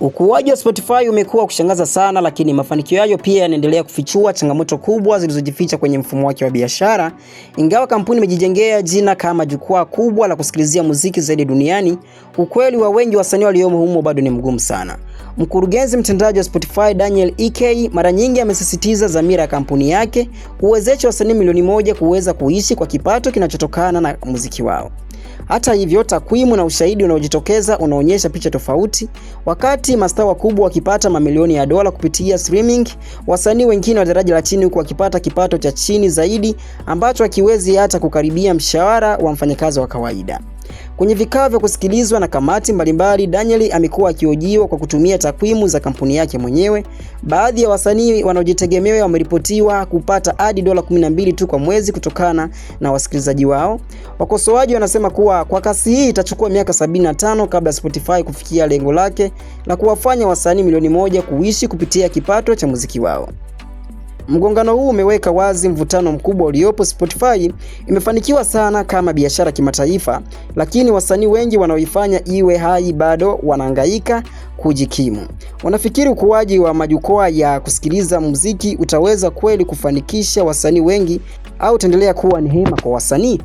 Ukuaji wa Spotify umekuwa kushangaza sana, lakini mafanikio yayo pia yanaendelea kufichua changamoto kubwa zilizojificha kwenye mfumo wake wa biashara. Ingawa kampuni imejijengea jina kama jukwaa kubwa la kusikilizia muziki zaidi duniani, ukweli wa wengi wasanii waliomo humo bado ni mgumu sana. Mkurugenzi mtendaji wa Spotify Daniel Ek mara nyingi amesisitiza dhamira ya kampuni yake kuwezesha wasanii milioni moja kuweza kuishi kwa kipato kinachotokana na muziki wao. Hata hivyo, takwimu na ushahidi unaojitokeza unaonyesha picha tofauti. Wakati mastaa wakubwa wakipata mamilioni ya dola kupitia streaming, wasanii wengine wa daraja la chini huku wakipata kipato cha chini zaidi ambacho hakiwezi hata kukaribia mshahara wa mfanyakazi wa kawaida. Kwenye vikao vya kusikilizwa na kamati mbalimbali, Daniel amekuwa akihojiwa kwa kutumia takwimu za kampuni yake mwenyewe. Baadhi ya wasanii wanaojitegemea wameripotiwa kupata hadi dola 12 tu kwa mwezi kutokana na wasikilizaji wao. Wakosoaji wanasema kuwa kwa kasi hii itachukua miaka 75 kabla Spotify kufikia lengo lake la kuwafanya wasanii milioni moja kuishi kupitia kipato cha muziki wao. Mgongano huu umeweka wazi mvutano mkubwa uliopo. Spotify imefanikiwa sana kama biashara kimataifa, lakini wasanii wengi wanaoifanya iwe hai bado wanahangaika kujikimu. Unafikiri ukuaji wa majukwaa ya kusikiliza muziki utaweza kweli kufanikisha wasanii wengi au utaendelea kuwa ni hema kwa wasanii?